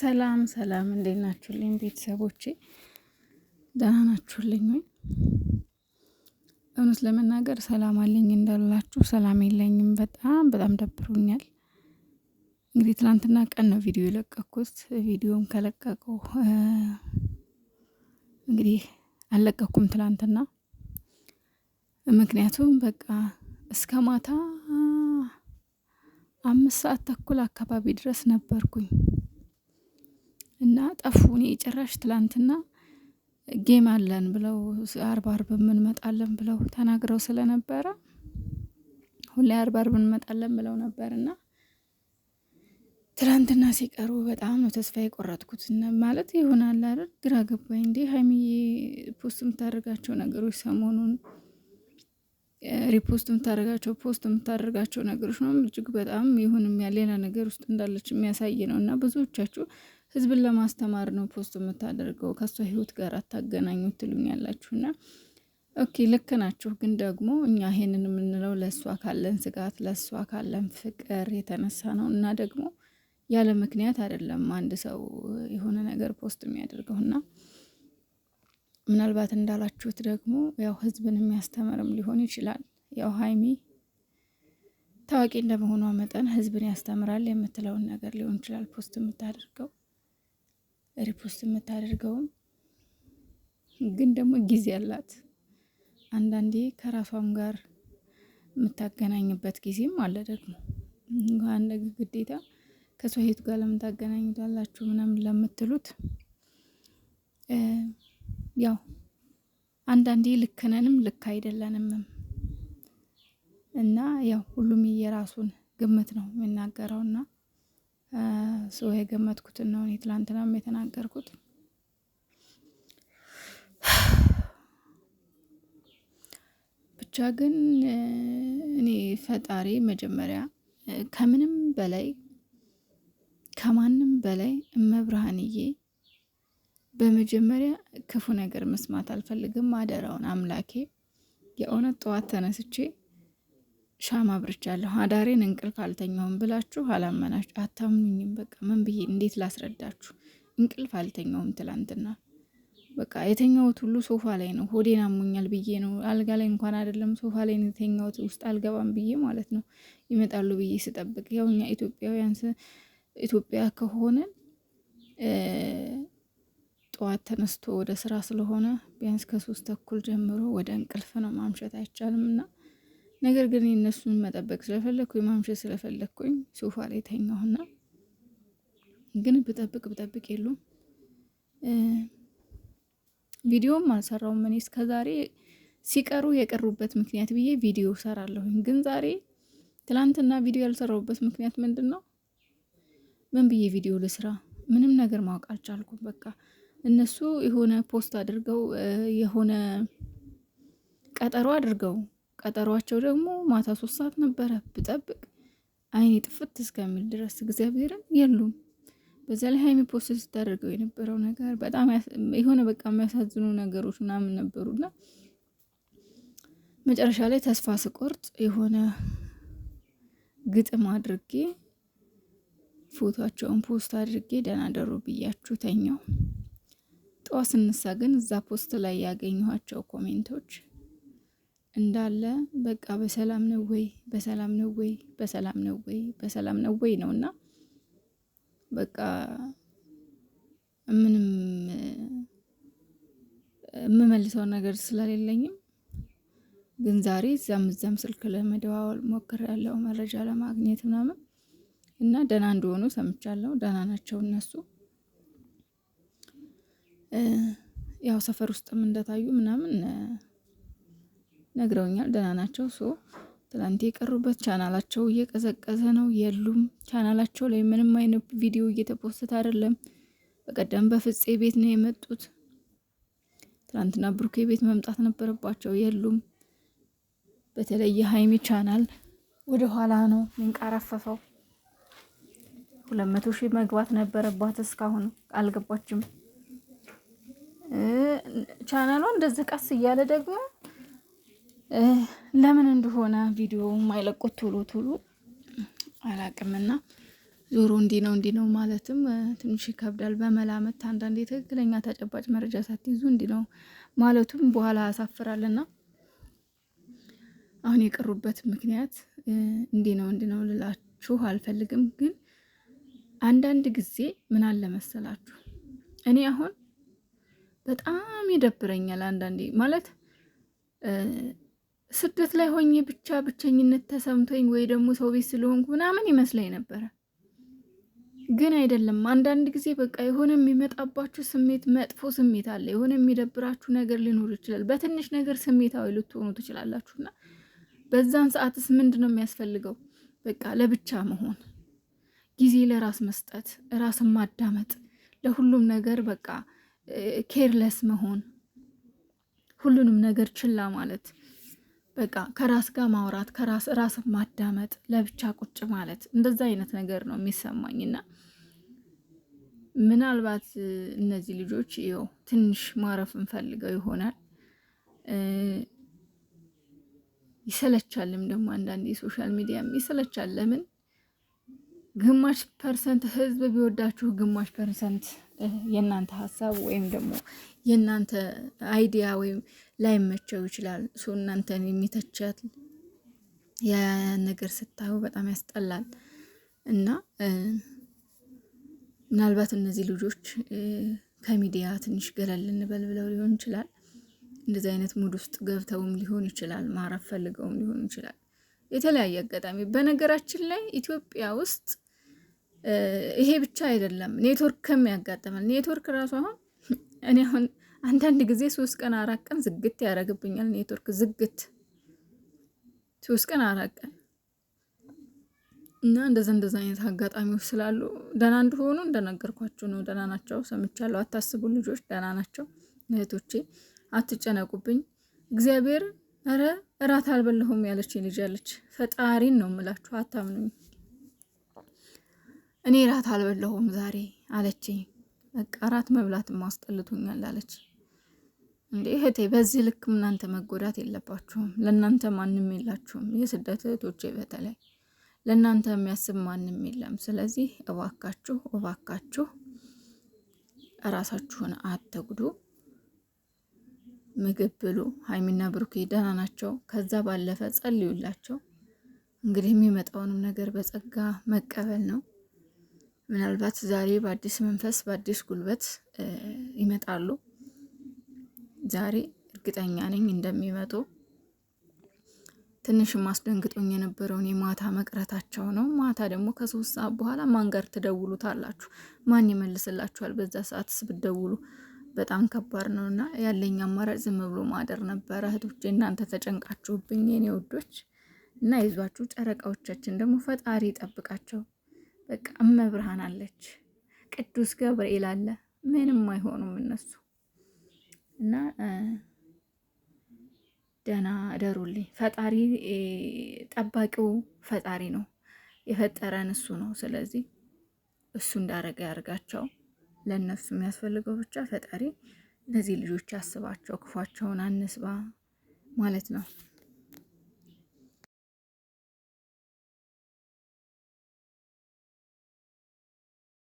ሰላም ሰላም፣ እንዴት ናችሁልኝ ቤተሰቦቼ? ደህና ናችሁልኝ ወይ? እውነት ለመናገር ሰላም አለኝ እንዳላችሁ ሰላም የለኝም። በጣም በጣም ደብሮኛል። እንግዲህ ትናንትና ቀን ነው ቪዲዮ የለቀኩት። ቪዲዮም ከለቀቀው እንግዲህ አልለቀኩም ትናንትና፣ ምክንያቱም በቃ እስከ ማታ አምስት ሰዓት ተኩል አካባቢ ድረስ ነበርኩኝ እና ጠፉ። እኔ ጭራሽ ትላንትና ጌም አለን ብለው አርባ አርብ እንመጣለን ብለው ተናግረው ስለነበረ ሁሌ አርባ አርብ እንመጣለን ብለው ነበር እና ትላንትና ሲቀሩ በጣም ነው ተስፋ የቆረጥኩት። ማለት ይሆናል አይደል? ግራ ገባኝ። እንዴ ሀይሚዬ ፖስት የምታደርጋቸው ነገሮች ሰሞኑን ሪፖስት የምታደርጋቸው ፖስት የምታደርጋቸው ነገሮች ነው እጅግ በጣም ይሁን ሌላ ነገር ውስጥ እንዳለች የሚያሳይ ነው እና ብዙዎቻችሁ ህዝብን ለማስተማር ነው ፖስት የምታደርገው ከእሷ ህይወት ጋር አታገናኙ ትሉኛላችሁና ኦኬ ልክ ናችሁ። ግን ደግሞ እኛ ይሄንን የምንለው ለእሷ ካለን ስጋት ለእሷ ካለን ፍቅር የተነሳ ነው እና ደግሞ ያለ ምክንያት አይደለም አንድ ሰው የሆነ ነገር ፖስት የሚያደርገው እና ምናልባት እንዳላችሁት ደግሞ ያው ህዝብን የሚያስተምርም ሊሆን ይችላል። ያው ሀይሚ ታዋቂ እንደመሆኗ መጠን ህዝብን ያስተምራል የምትለውን ነገር ሊሆን ይችላል ፖስት የምታደርገው ሪፖስት የምታደርገውም ግን ደግሞ ጊዜ አላት። አንዳንዴ ከራሷም ጋር የምታገናኝበት ጊዜም አለ። ደግሞ አንድ ግዴታ ከሰው ጋር ለምን ታገናኙታላችሁ ምናምን ለምትሉት ያው አንዳንዴ ልክነንም ልክ አይደለንምም እና ያው ሁሉም የራሱን ግምት ነው የሚናገረውና ሶ የገመትኩትን ነው እኔ ትላንትናም የተናገርኩት። ብቻ ግን እኔ ፈጣሪ መጀመሪያ ከምንም በላይ ከማንም በላይ እመብርሃንዬ በመጀመሪያ ክፉ ነገር መስማት አልፈልግም። አደራውን አምላኬ የእውነት ጠዋት ተነስቼ ሻማ አብርቻለሁ አዳሬን እንቅልፍ አልተኛውም ብላችሁ አላመናችሁ አታምኑኝም። በቃ ምን ብዬ እንዴት ላስረዳችሁ? እንቅልፍ አልተኛውም ትላንትና በቃ የተኛሁት ሁሉ ሶፋ ላይ ነው። ሆዴን አሞኛል ብዬ ነው አልጋ ላይ እንኳን አይደለም ሶፋ ላይ የተኛሁት ውስጥ አልገባም ብዬ ማለት ነው። ይመጣሉ ብዬ ስጠብቅ ያው እኛ ኢትዮጵያውያን ኢትዮጵያ ከሆነን ጠዋት ተነስቶ ወደ ስራ ስለሆነ ቢያንስ ከሶስት ተኩል ጀምሮ ወደ እንቅልፍ ነው ማምሸት አይቻልም እና ነገር ግን የእነሱን መጠበቅ ስለፈለግኩኝ ማምሸት ስለፈለግኩኝ ሶፋ ላይ ተኛሁና ግን ብጠብቅ ብጠብቅ የሉም። ቪዲዮም አልሰራውም። እኔ እስከ ዛሬ ሲቀሩ የቀሩበት ምክንያት ብዬ ቪዲዮ ሰራለሁኝ። ግን ዛሬ ትላንትና ቪዲዮ ያልሰራውበት ምክንያት ምንድን ነው? ምን ብዬ ቪዲዮ ልስራ? ምንም ነገር ማወቅ አልቻልኩም። በቃ እነሱ የሆነ ፖስት አድርገው የሆነ ቀጠሮ አድርገው ቀጠሯቸው ደግሞ ማታ ሶስት ሰዓት ነበረ ብጠብቅ አይኔ ጥፍት እስከሚል ድረስ እግዚአብሔርን የሉም። በዛ ላይ ሀይሚ ፖስት ስታደርገው የነበረው ነገር በጣም የሆነ በቃ የሚያሳዝኑ ነገሮች ምናምን ነበሩና መጨረሻ ላይ ተስፋ ስቆርጥ የሆነ ግጥም አድርጌ ፎቶቸውን ፖስት አድርጌ ደናደሩ ብያችሁ ተኛው። ጠዋት ስንሳ ግን እዛ ፖስት ላይ ያገኘኋቸው ኮሜንቶች እንዳለ በቃ በሰላም ነው ወይ በሰላም ነው ወይ በሰላም ነው ወይ በሰላም ነው ወይ ነው እና በቃ ምንም የምመልሰው ነገር ስለሌለኝም ግን ዛሬ እዛም እዛም ስልክ ለመደዋወል ያለው መረጃ ለማግኘት ምናምን እና ደህና እንደሆኑ ሰምቻለሁ። ደህና ናቸው እነሱ ያው ሰፈር ውስጥም እንደታዩ ምናምን ነግረውኛል። ደህና ናቸው። ሶ ትላንት የቀሩበት ቻናላቸው እየቀዘቀዘ ነው፣ የሉም። ቻናላቸው ላይ ምንም አይነት ቪዲዮ እየተፖስት አይደለም። በቀደም በፍፄ ቤት ነው የመጡት። ትላንትና ብሩኬ ቤት መምጣት ነበረባቸው፣ የሉም። በተለይ የሀይሚ ቻናል ወደ ኋላ ነው የሚንቀረፈፈው። ሁለት መቶ ሺህ መግባት ነበረባት፣ እስካሁን አልገባችም። ቻናሏ እንደዚህ ቀስ እያለ ደግሞ ለምን እንደሆነ ቪዲዮ ማይለቁት ቶሎ ቶሎ አላቅምና ዞሮ እንዲህ ነው እንዲህ ነው ማለትም ትንሽ ይከብዳል። በመላመት አንዳንዴ ትክክለኛ ተጨባጭ መረጃ ሳትይዙ እንዲህ ነው ማለቱም በኋላ ያሳፍራልና አሁን የቀሩበት ምክንያት እንዲህ ነው እንዲህ ነው ልላችሁ አልፈልግም። ግን አንዳንድ ጊዜ ምን አለ መሰላችሁ እኔ አሁን በጣም ይደብረኛል አንዳንዴ ማለት ስደት ላይ ሆኜ ብቻ ብቸኝነት ተሰምቶኝ ወይ ደግሞ ሰው ቤት ስለሆንኩ ምናምን ይመስለኝ ነበረ። ግን አይደለም። አንዳንድ ጊዜ በቃ የሆነ የሚመጣባችሁ ስሜት መጥፎ ስሜት አለ። የሆነ የሚደብራችሁ ነገር ሊኖር ይችላል። በትንሽ ነገር ስሜታዊ ልትሆኑ ትችላላችሁና በዛን ሰዓትስ ምንድን ነው የሚያስፈልገው? በቃ ለብቻ መሆን፣ ጊዜ ለራስ መስጠት፣ ራስን ማዳመጥ፣ ለሁሉም ነገር በቃ ኬርለስ መሆን፣ ሁሉንም ነገር ችላ ማለት በቃ ከራስ ጋር ማውራት ከራስ ራስ ማዳመጥ ለብቻ ቁጭ ማለት እንደዛ አይነት ነገር ነው የሚሰማኝና ምናልባት እነዚህ ልጆች ይኸው ትንሽ ማረፍ እንፈልገው ይሆናል። ይሰለቻልም ደግሞ አንዳንድ የሶሻል ሚዲያም ይሰለቻል። ለምን ግማሽ ፐርሰንት ህዝብ ቢወዳችሁ ግማሽ ፐርሰንት የእናንተ ሀሳብ ወይም ደግሞ የእናንተ አይዲያ ወይም ላይመቸው ይችላል። እሱ እናንተን የሚተቻት ነገር ስታዩ በጣም ያስጠላል እና ምናልባት እነዚህ ልጆች ከሚዲያ ትንሽ ገለል እንበል ብለው ሊሆን ይችላል። እንደዚህ አይነት ሙድ ውስጥ ገብተውም ሊሆን ይችላል። ማረፍ ፈልገውም ሊሆን ይችላል። የተለያየ አጋጣሚ። በነገራችን ላይ ኢትዮጵያ ውስጥ ይሄ ብቻ አይደለም፣ ኔትወርክም ያጋጥማል። ኔትወርክ ራሱ አሁን እኔ አሁን አንዳንድ ጊዜ ሶስት ቀን አራት ቀን ዝግት ያደርግብኛል ኔትወርክ ዝግት ሶስት ቀን አራት ቀን እና እንደዛ እንደዛ አይነት አጋጣሚዎች ስላሉ ደህና እንደሆኑ እንደነገርኳቸው ነው። ደህና ናቸው፣ ሰምቻለሁ። አታስቡ ልጆች፣ ደህና ናቸው እህቶቼ፣ አትጨነቁብኝ። እግዚአብሔር ኧረ እራት አልበላሁም ያለች ልጅ ያለች ፈጣሪን ነው የምላችሁ፣ አታምኑኝ እኔ ራት አልበላሁም ዛሬ አለችኝ። በቃ ራት መብላትም አስጠልቶኛል አለች። እንዴ እህቴ፣ በዚህ ልክም እናንተ መጎዳት የለባችሁም። ለእናንተ ማንም የላችሁም። የስደት እህቶቼ በተለይ ለእናንተ የሚያስብ ማንም የለም። ስለዚህ እባካችሁ እባካችሁ እራሳችሁን አትጉዱ፣ ምግብ ብሉ። ሀይሚና ብሩኬ ደህና ናቸው። ከዛ ባለፈ ጸልዩላቸው። እንግዲህ የሚመጣውንም ነገር በጸጋ መቀበል ነው። ምናልባት ዛሬ በአዲስ መንፈስ በአዲስ ጉልበት ይመጣሉ። ዛሬ እርግጠኛ ነኝ እንደሚመጡ። ትንሽም አስደንግጦኝ የነበረውን የማታ መቅረታቸው ነው። ማታ ደግሞ ከሶስት ሰዓት በኋላ ማን ጋር ትደውሉታላችሁ? ማን ይመልስላችኋል? በዛ ሰዓትስ ብደውሉ በጣም ከባድ ነው እና ያለኝ አማራጭ ዝም ብሎ ማደር ነበረ። እህቶቼ እናንተ ተጨንቃችሁብኝ የኔ ውዶች እና ይዟችሁ ጨረቃዎቻችን ደግሞ ፈጣሪ ይጠብቃቸው። በቃ እመብርሃን አለች፣ ቅዱስ ገብርኤል አለ። ምንም አይሆኑም እነሱ እና ደህና እደሩልኝ። ፈጣሪ ጠባቂው ፈጣሪ ነው፣ የፈጠረን እሱ ነው። ስለዚህ እሱ እንዳረገ ያርጋቸው። ለእነሱ የሚያስፈልገው ብቻ ፈጣሪ እነዚህ ልጆች ያስባቸው፣ ክፏቸውን አነስባ ማለት ነው።